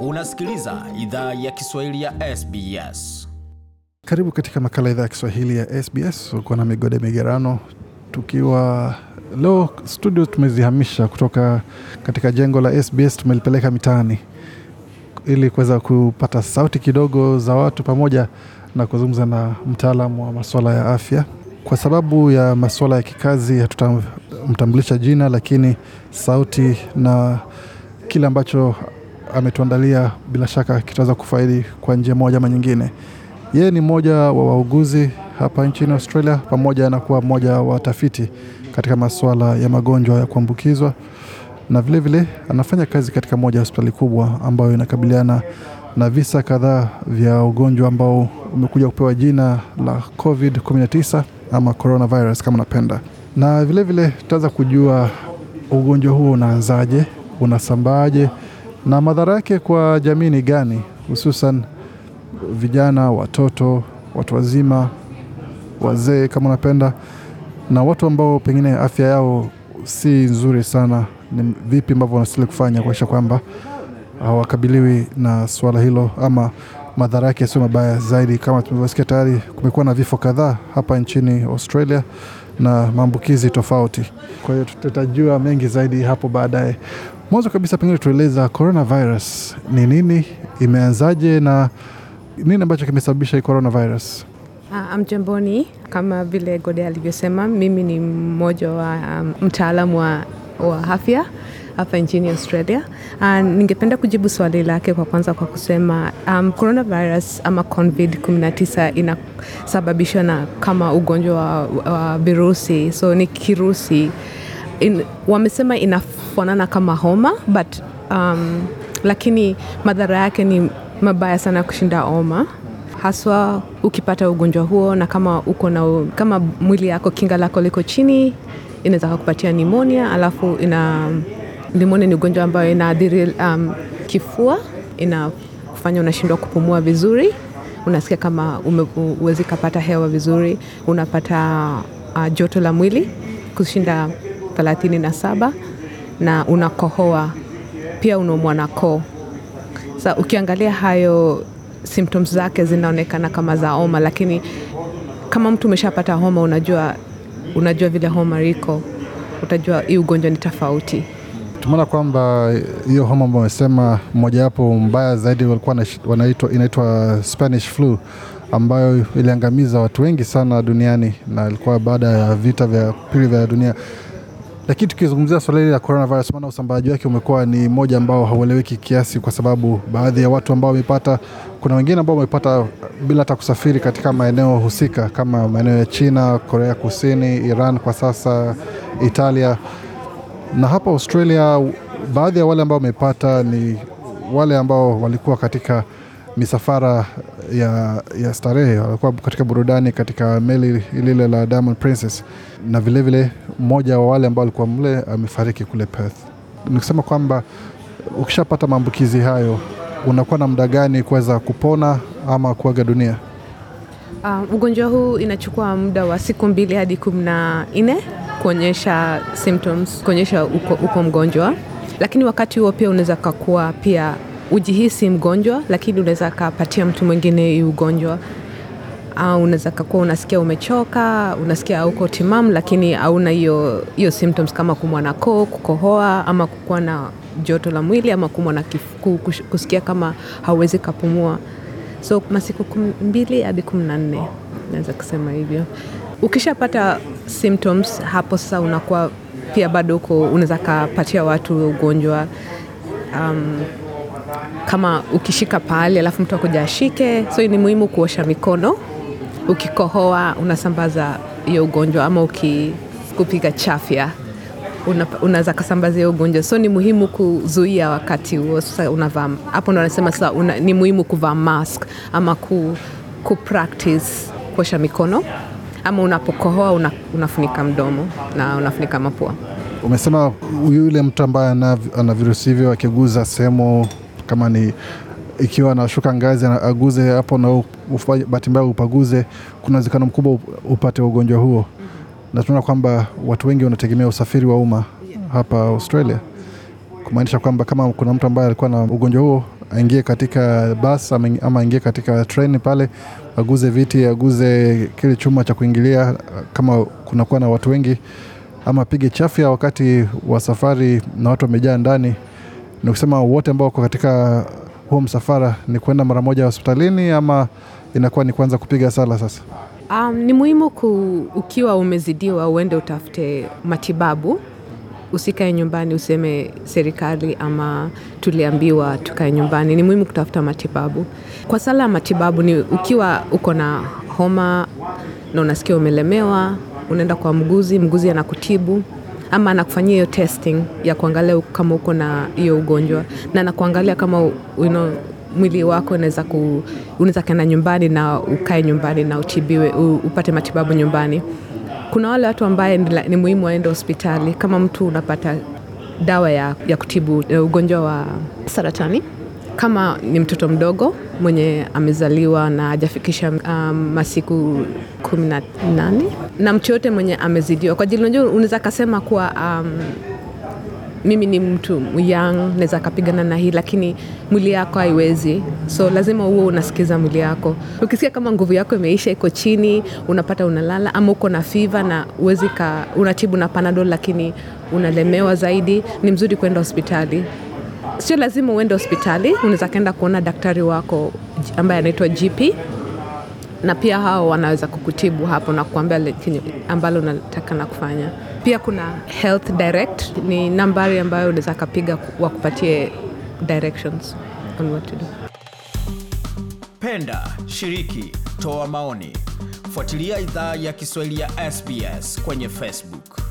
Unasikiliza idhaa ya Kiswahili ya SBS. Karibu katika makala idhaa ya Kiswahili ya SBS ukuwa na migode migerano, tukiwa leo studio tumezihamisha kutoka katika jengo la SBS, tumelipeleka mitaani ili kuweza kupata sauti kidogo za watu pamoja na kuzungumza na mtaalamu wa masuala ya afya. Kwa sababu ya masuala ya kikazi hatutamtambulisha jina, lakini sauti na kile ambacho ametuandalia bila shaka kitaweza kufaidi kwa njia moja ama nyingine. Yeye ni mmoja wa wauguzi hapa nchini Australia, pamoja na kuwa mmoja wa watafiti katika masuala ya magonjwa ya kuambukizwa, na vilevile vile, anafanya kazi katika moja ya hospitali kubwa ambayo inakabiliana na visa kadhaa vya ugonjwa ambao umekuja kupewa jina la COVID-19 ama coronavirus kama unapenda, na vilevile tutaweza kujua ugonjwa huo unaanzaje, unasambaaje na madhara yake kwa jamii ni gani, hususan vijana, watoto, watu wazima, wazee kama unapenda, na watu ambao pengine afya yao si nzuri sana, ni vipi ambavyo wanastahili kufanya kuakisha kwamba hawakabiliwi na suala hilo ama madhara yake yasio mabaya zaidi. Kama tulivyosikia tayari, kumekuwa na vifo kadhaa hapa nchini Australia na maambukizi tofauti. Kwa hiyo tutajua mengi zaidi hapo baadaye. Mwanzo kabisa pengine tueleza coronavirus ni nini, imeanzaje na nini ambacho kimesababisha hii coronavirus? Ah, Amjamboni, kama vile Gode alivyosema, mimi ni mmoja wa um, mtaalamu wa, wa afya hapa nchini Australia. Uh, ningependa kujibu swali lake kwa kwanza kwa kusema um, coronavirus ama COVID 19 inasababishwa na kama ugonjwa wa, wa virusi, so ni kirusi in, wamesema inafanana kama homa but um, lakini madhara yake ni mabaya sana kushinda homa haswa ukipata ugonjwa huo na kama uko na kama mwili yako kinga lako liko chini inaweza kukupatia nimonia alafu ina nimonia ni ugonjwa ambayo inaadhiri um, kifua inakufanya unashindwa kupumua vizuri unasikia kama uwezi kapata hewa vizuri unapata uh, joto la mwili kushinda 37 na unakohoa pia, unaumwa na koo. Sa ukiangalia hayo symptoms zake zinaonekana kama za homa, lakini kama mtu umeshapata homa, unajua unajua vile homa iko, utajua hii ugonjwa ni tofauti. Tumeona kwamba hiyo homa ambayo amesema mmojawapo mbaya zaidi walikuwa wanaitwa inaitwa Spanish flu ambayo iliangamiza watu wengi sana duniani na ilikuwa baada ya vita vya pili vya dunia. Lakini tukizungumzia swala hili la coronavirus, maana usambaaji wake umekuwa ni moja ambao haueleweki kiasi, kwa sababu baadhi ya watu ambao wamepata, kuna wengine ambao wamepata bila hata kusafiri katika maeneo husika kama maeneo ya China, Korea Kusini, Iran kwa sasa, Italia na hapa Australia. Baadhi ya wale ambao wamepata ni wale ambao walikuwa katika misafara ya, ya starehe, walikuwa katika burudani katika meli lile la Diamond Princess, na vilevile mmoja vile wa wale ambao alikuwa mle amefariki kule Perth. Nikusema kwamba ukishapata maambukizi hayo unakuwa na muda gani kuweza kupona ama kuaga dunia? Uh, ugonjwa huu inachukua muda wa siku mbili hadi kumi na nne kuonyesha symptoms, kuonyesha uko, uko mgonjwa, lakini wakati huo pia unaweza kakuwa pia ujihisi mgonjwa, lakini unaweza kapatia mtu mwingine hii ugonjwa au unaweza kakuwa unasikia umechoka, unasikia uko timam lakini hauna hiyo hiyo symptoms kama kumwa na koo, kukohoa ama kukuwa na joto la mwili ama kumwa na kifu, kusikia kama hauwezi kapumua. So masiku mbili hadi kumi na nne naweza kusema hivyo. Ukishapata symptoms hapo sasa unakuwa pia bado uko unaweza kapatia watu ugonjwa um, kama ukishika pahali alafu mtu akuja ashike. So ni muhimu kuosha mikono, ukikohoa unasambaza hiyo ugonjwa, ama ukikupiga chafya unaweza kasambaza hiyo ugonjwa. So ni muhimu kuzuia wakati huo. Sasa unavaa hapo, ndo anasema sasa una, ni muhimu kuvaa mask ama ku, ku practice kuosha mikono ama unapokohoa una, unafunika mdomo na unafunika mapua. Umesema yule mtu ambaye ana, ana virusi hivyo akiguza sehemu kama ni ikiwa anashuka ngazi aguze hapo na bahati mbaya upaguze, kuna uwezekano mkubwa upate ugonjwa huo. Mm-hmm. Na tunaona kwamba watu wengi wanategemea usafiri wa umma hapa Australia, kumaanisha kwamba kama kuna mtu ambaye alikuwa na ugonjwa huo aingie katika bus ama aingie katika train pale, aguze viti, aguze kile chuma cha kuingilia, kama kunakuwa na watu wengi, ama pige chafya wakati wa safari na watu wamejaa ndani ni kusema wote ambao wako katika huo msafara ni kwenda mara moja hospitalini ama inakuwa ni kuanza kupiga sala sasa? Um, ni muhimu ku, ukiwa umezidiwa uende utafute matibabu, usikae nyumbani useme serikali ama tuliambiwa tukae nyumbani. Ni muhimu kutafuta matibabu. Kwa sala ya matibabu ni ukiwa uko na homa na unasikia umelemewa, unaenda kwa mguzi, mguzi anakutibu ama anakufanyia hiyo testing ya kuangalia kama uko na hiyo ugonjwa na nakuangalia kama you know, mwili wako unaweza ku, unaweza kaenda nyumbani na ukae nyumbani na utibiwe u, upate matibabu nyumbani. Kuna wale watu ambaye ni muhimu waende hospitali kama mtu unapata dawa ya, ya kutibu ya ugonjwa wa saratani kama ni mtoto mdogo mwenye amezaliwa na hajafikisha um, masiku kumi na nane na mtu yote mwenye amezidiwa, kwa ajili unajua, unaweza kasema kuwa um, mimi ni mtu young naweza kapigana na hii, lakini mwili yako haiwezi, so lazima huo unasikiza mwili yako. Ukisikia kama nguvu yako imeisha, iko chini, unapata unalala, ama uko na fiva na uwezi ka, unatibu na Panadol lakini unalemewa zaidi, ni mzuri kwenda hospitali. Sio lazima uende hospitali, unaweza kaenda kuona daktari wako ambaye anaitwa GP na pia hao wanaweza kukutibu hapo na kukuambia ambalo unataka na kufanya. Pia kuna Health Direct, ni nambari ambayo unaweza kapiga wakupatie directions on what to do. Penda, shiriki, toa maoni. Fuatilia idhaa ya Kiswahili ya SBS kwenye Facebook.